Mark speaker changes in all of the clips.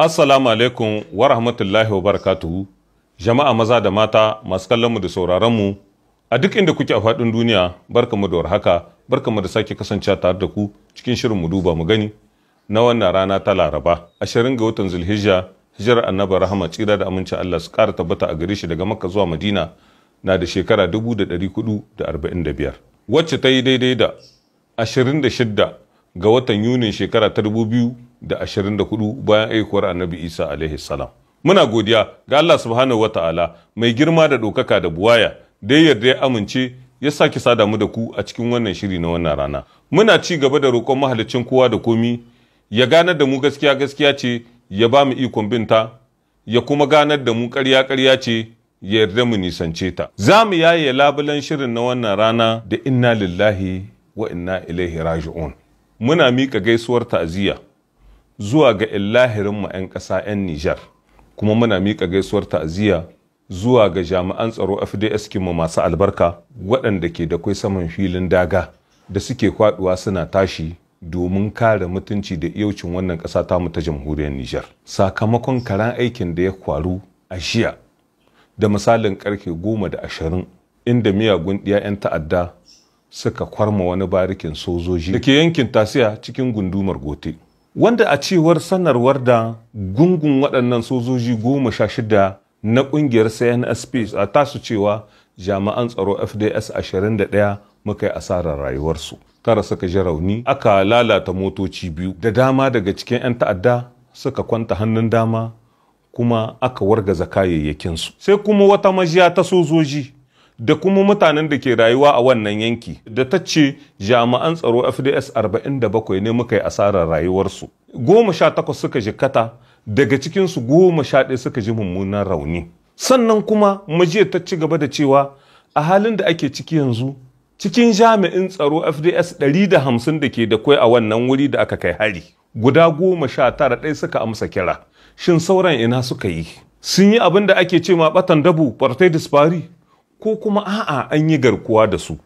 Speaker 1: Assalamu alaikum wa rahmatullahi wa barakatuhu jama'a maza da mata masu kallonmu da sauraronmu a duk inda kuke a faɗin duniya barka barkamu da warhaka mu da sake kasancewa tare da ku cikin shirin mu duba mu gani na wannan rana ta Laraba 20 ga watan Zulhijja hijirar Annabi Rahama tsira da aminci Allah su ƙara tabbata a gare shi daga Makka zuwa Madina na da shekara dubu da da da arba'in biyar. wacce ta yi daidai da ashirin da 26 ga watan Yunin shekara ta dubu biyu? da ashirin da hudu bayan aikuwar annabi isa alaihi salam muna godiya ga allah subhanahu wataala mai girma da ɗaukaka da buwaya da ya yarda ya amince ya sake sada mu da ku a cikin wannan shiri na wannan rana muna ci gaba da roƙon mahalicin kowa da komi ya ganar da mu gaskiya gaskiya ce ya ba mu ikon binta ya kuma ganar da mu karya-karya ce ya yarda mu nisance ta za mu yaye labulen shirin na wannan rana da inna lillahi wa inna ilaihi raji'un muna miƙa gaisuwar ta'aziyya zuwa ga illahirin mu 'yan ƙasa 'yan Nijar kuma muna miƙa gaisuwar ta'aziyya zuwa ga jami'an tsaro FDS mu masu albarka waɗanda ke da kwai saman filin daga da suke kwaduwa suna tashi domin kare mutunci da iyaucin wannan ƙasa tamu ta jamhuriyar Nijar sakamakon karan aikin da ya kwaru a jiya da misalin karfe goma da ashirin inda miyagun ɗiya 'yan ta'adda suka kwarma wani barikin sojoji da ke yankin tasiya cikin gundumar gote. wanda a cewar sanarwar da gungun waɗannan sojoji goma sha shida na ƙungiyar CNSP a tasu cewa jami'an tsaro FDS 21 muka yi asarar rayuwarsu. Tara suka ji rauni aka lalata motoci biyu da dama daga cikin 'yan ta'adda suka kwanta hannun dama kuma aka wargaza kayayyakinsu. Sai kuma wata majiya ta sojoji da kuma mutanen da ke rayuwa a wannan yanki da ta ce jami'an tsaro fds 47 ne muka yi asarar rayuwarsu goma sha takwas suka ji kata, daga cikinsu goma sha ɗaya suka ji mummunan rauni sannan kuma majiyar ta ci gaba da cewa a halin da ake ciki yanzu cikin jami'in tsaro fds 150 da ke da kwai a wannan wuri da aka kai hari guda goma sha tara ɗaya suka amsa kira shin sauran ina suka yi sun yi abin da ake ce ma batan dabu partai dispari ko kuma a'a an yi garkuwa da su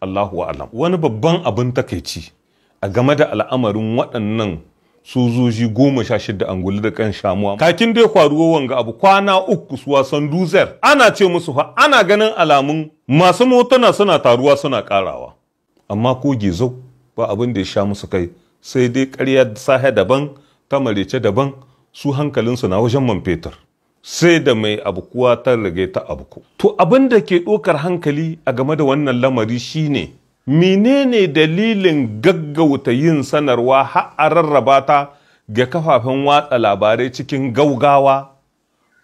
Speaker 1: Allahu a'lam wani babban abin takaici a game da al'amarin waɗannan sojoji goma sha shida guli da kan shamuwa kakin dai kwaruwa wanga abu kwana uku su wasan duzer ana ce musu fa ana ganin alamun masu motuna suna taruwa suna karawa amma ko gizo ba abin da ya sha musu kai sai dai karya sahe daban ta marice daban su hankalinsu na wajen man fetur sai da mai kuwa ta rage ta abu. To abin da ke ɗokar hankali a game da wannan lamari shine menene dalilin gaggauta yin sanarwa har a rabata ga kafafen watsa labarai cikin gaugawa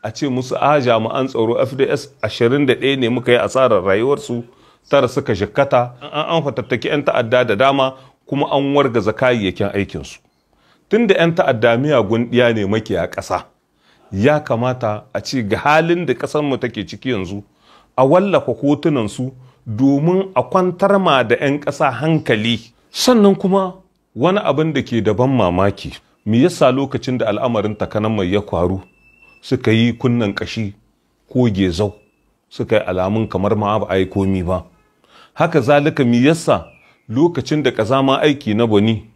Speaker 1: a ce musu a jami'an tsaro fds 21 ne muka yi asarar rayuwarsu tara suka jikkata an an fatattaki 'yan ta'adda da dama kuma an wargaza kayayyakin aikinsu tunda 'yan ta'adda miyagun ɗiya ne makiya ƙasa ya kamata a ce ga halin da ƙasarmu take ciki yanzu a wallafa hotunansu domin a kwantar ma da 'yan ƙasa hankali sannan kuma wani abin da ke daban mamaki me yasa lokacin da al'amarin takanan mai ya kwaru suka yi kunnan ƙashi ko gezau suka yi alamun kamar ma ba a yi komi ba haka zalika me yasa lokacin da ƙazama aiki na bani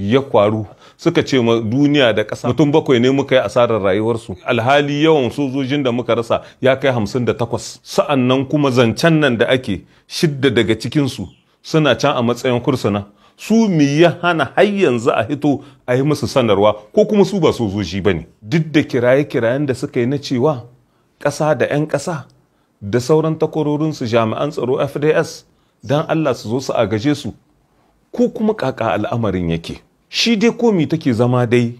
Speaker 1: ya kwaru suka ce ma duniya da ƙasa mutum bakwai ne muka yi asarar rayuwarsu alhali yawan sojojin da muka rasa ya kai hamsin da takwas sa'an nan kuma zancen nan da ake shidda daga cikinsu suna can a matsayin kursuna su mi ya hana har yanzu a hito a yi musu sanarwa ko kuma su ba sojoji ba ne duk da kiraye-kirayen da suka yi na cewa ƙasa da 'yan ƙasa da sauran takwarorinsu jami'an tsaro fds don allah su zo su agaje su ko kuma ƙaƙa al'amarin yake shi dai komi take zama dai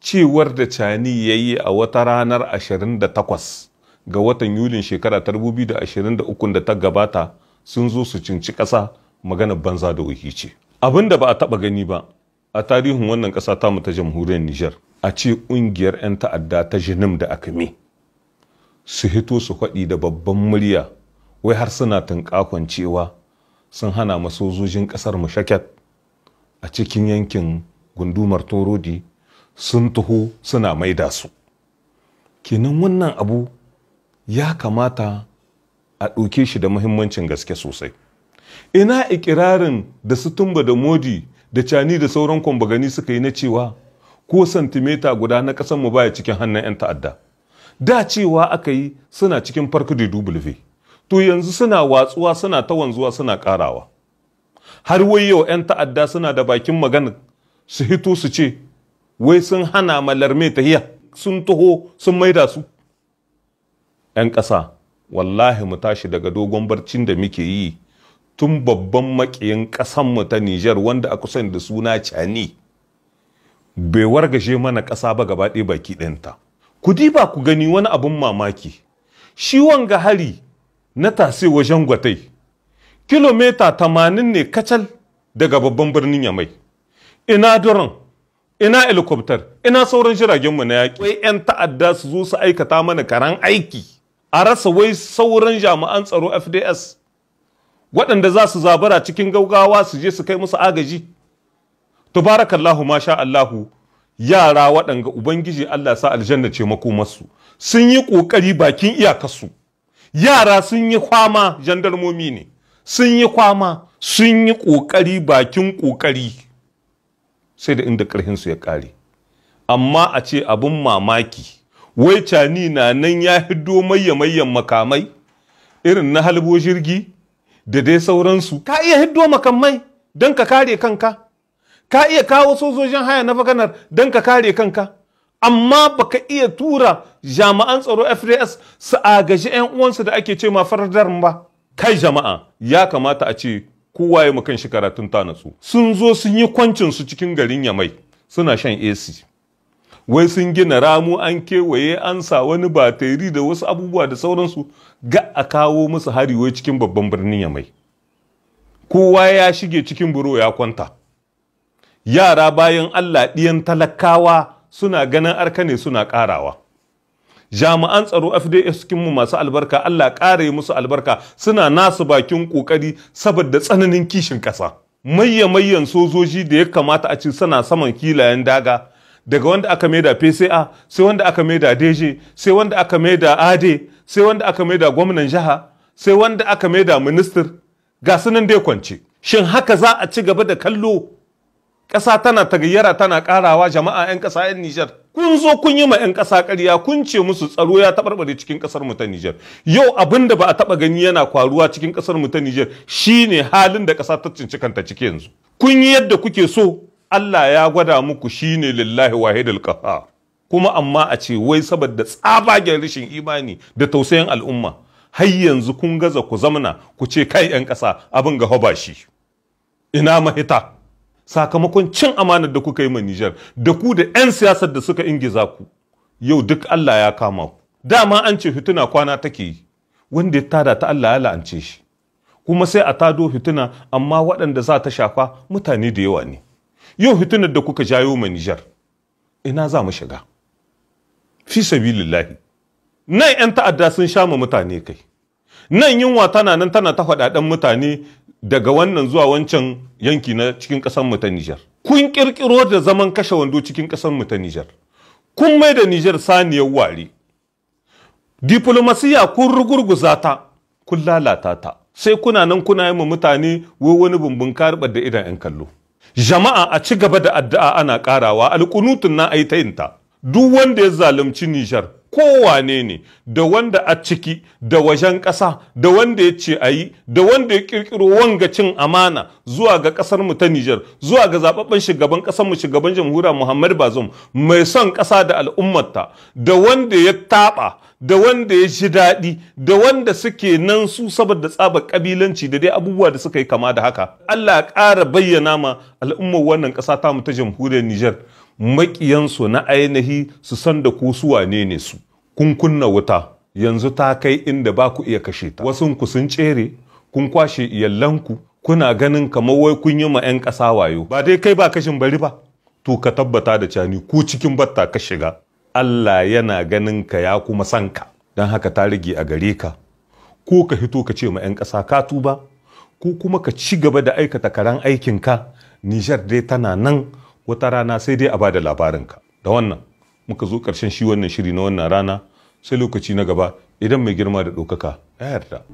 Speaker 1: cewar da cani ya yi a wata ranar 28 ga watan yulin shekara 2023 da ta gabata sun zo su cinci ƙasa magana banza da wuki ce abin da ba a taɓa gani ba a tarihin wannan ƙasa tamu ta jamhuriyar nijar a ce ƙungiyar 'yan ta'adda ta jinim da akame su hito su faɗi da babban murya wai har suna tunƙakon cewa sun hana masojojin ƙasar mu shaket a cikin yankin gundumar torodi sun taho suna maida su kenan wannan abu ya kamata a ɗauke shi da muhimmancin gaske sosai ina ikirarin da su tumba da modi da cani da sauran kwambagani suka yi na cewa ko santimeta guda na mu baya cikin hannun 'yan ta'adda da cewa aka yi suna cikin farko da dubulve to yanzu suna watsuwa suna ta wanzuwa suna ƙarawa har wai yau 'yan ta'adda suna da bakin magana su hito su ce wai sun hana malarme tahiya sun taho sun maida su 'yan ƙasa wallahi mu tashi daga dogon barcin da muke yi tun babban maƙiyin ƙasanmu ta Nijar wanda aka sani da suna cani bai wargashe mana ƙasa ba gaba ɗaya baki ɗinta. Ku ba ku gani wani abin mamaki, shi wanga hari na tase wajen gwatai. kilomita tamanin ne kacal daga babban birnin yamai ina duran ina helicopter ina sauran jiragenmu na yaƙi wai 'yan ta'adda su zo su aikata mana karan aiki a rasa wai sauran jami'an tsaro fds waɗanda za su zabara cikin gaugawa su je su kai musu agaji tubarakallahu masha allahu yara waɗanga ubangiji allah sa aljanna ce makomarsu sun yi ƙoƙari bakin iyakarsu yara sun yi kwama jandarmomi ne sun yi kwama sun yi ƙoƙari bakin ƙoƙari sai da inda ƙarhinsu ya ƙare amma a ce abin mamaki wai cani na nan ya hiddo mayyamayyan makamai irin na halbo jirgi da dai sauransu ka iya hiddo makamai don ka kare kanka ka iya kawo sojojin haya na faganar don ka kare kanka amma baka iya tura jami'an tsaro fds su agaji 'yan uwansu da ake ce ma farar ba kai jama'a ya kamata a ce kowa ya makan shi karatun ta natsu sun zo sun yi kwancin su cikin garin yamai suna shan AC wai sun gina ramu an kewaye an sa wani bateri da wasu abubuwa da sauransu ga a kawo musu hari wai cikin babban birnin yamai kowa ya shige cikin buro ya kwanta yara bayan allah ɗiyan talakawa suna ganin arka ne suna ƙarawa jami'an tsaro cikin mu masu albarka Allah ƙare musu albarka suna nasu bakin ƙoƙari saboda tsananin kishin ƙasa mayya mayyan sojoji da ya kamata a ce suna saman kilayen daga daga wanda aka maida PCA sai wanda aka maida DG sai wanda aka maida AD sai wanda aka maida gwamnan jiha sai wanda aka maida minister ga sunan ya kwance shin haka za a ci gaba da kallo ƙasa tana tagayyara tana ƙarawa jama'a 'yan ƙasa 'yan Nijar kun zo kun yi ma 'yan ƙasa ƙarya kun ce musu tsaro ya taɓarɓare cikin ƙasar mu ta Nijar yau abin da ba a taɓa gani yana kwaruwa cikin ƙasar mu ta Nijar shine halin da ƙasa ta cinci kanta ciki yanzu kun yi yadda kuke so Allah ya gwada muku shine lillahi wahidul qaha kuma amma a ce wai saboda tsabagen rashin imani da tausayin al'umma har yanzu kun gaza ku zamana ku ce kai 'yan ƙasa abin ga ba shi ina mahita sakamakon cin amanar da kuka yi ma Nijar da ku da 'yan siyasar da suka ingiza ku yau duk Allah ya kama ku dama an ce fituna kwana take yi wanda ya tada ta Allah ya la'ance shi kuma sai a tado fituna amma waɗanda za ta shafa mutane da yawa ne yau fitunar da kuka jayo ma Nijar ina za mu shiga fi sabilillahi nan 'yan ta'adda sun sha ma mutane kai nan yunwa tana nan tana ta faɗaɗen mutane daga wannan zuwa wancan yanki na cikin ƙasar mu ta Nijar. Kun ƙirƙiro da zaman kashe wando cikin ƙasar mu ta Nijar. Kun mai da Nijar saniyar ware. Diplomasiya kun rugurguza ta, kun lalata ta. Sai kuna nan kuna yi mutane wai wani bumbun karɓar da idan 'yan kallo. Jama'a a ci gaba da addu'a ana ƙarawa alƙunutun na aitayinta. Duk wanda ya zalunci Nijar kowane ne da wanda a ciki da wajen ƙasa da wanda ya ce a yi da wanda ya ƙirƙiro wanga cin amana zuwa ga ƙasar mu ta Nijar zuwa ga zababben shugaban ƙasar mu shugaban jamhuriya Muhammad Bazoum mai son ƙasa da al'ummarta da wanda ya taɓa da wanda ya ji daɗi da wanda suke nan su saboda tsabar ƙabilanci da dai abubuwa da suka yi kama da haka Allah ya ƙara bayyana ma al'ummar wannan ƙasa ta mu ta jamhuriyar Nijar maƙiyansu na ainihi su san da ko su wane ne su kun kunna wuta yanzu ta kai inda ba ku iya kashe ta ku sun tsere kun kwashe iyallanku kuna ganin kamar wai kun yi ma 'yan ƙasa wayo ba dai kai ba kashin bari ba to ka tabbata da cani ku cikin batta ka shiga Allah yana ganin ka ya kuma san ka dan haka ta rage a gare ka ko ka hito ka ce ma 'yan ƙasa ka tuba ko kuma ka ci gaba da aikata karan aikin ka Nijar dai tana nan wata rana sai dai a bada ka. da wannan muka zo karshen shi wannan shiri na wannan rana sai lokaci na gaba idan mai girma da ɗaukaka ya yarda.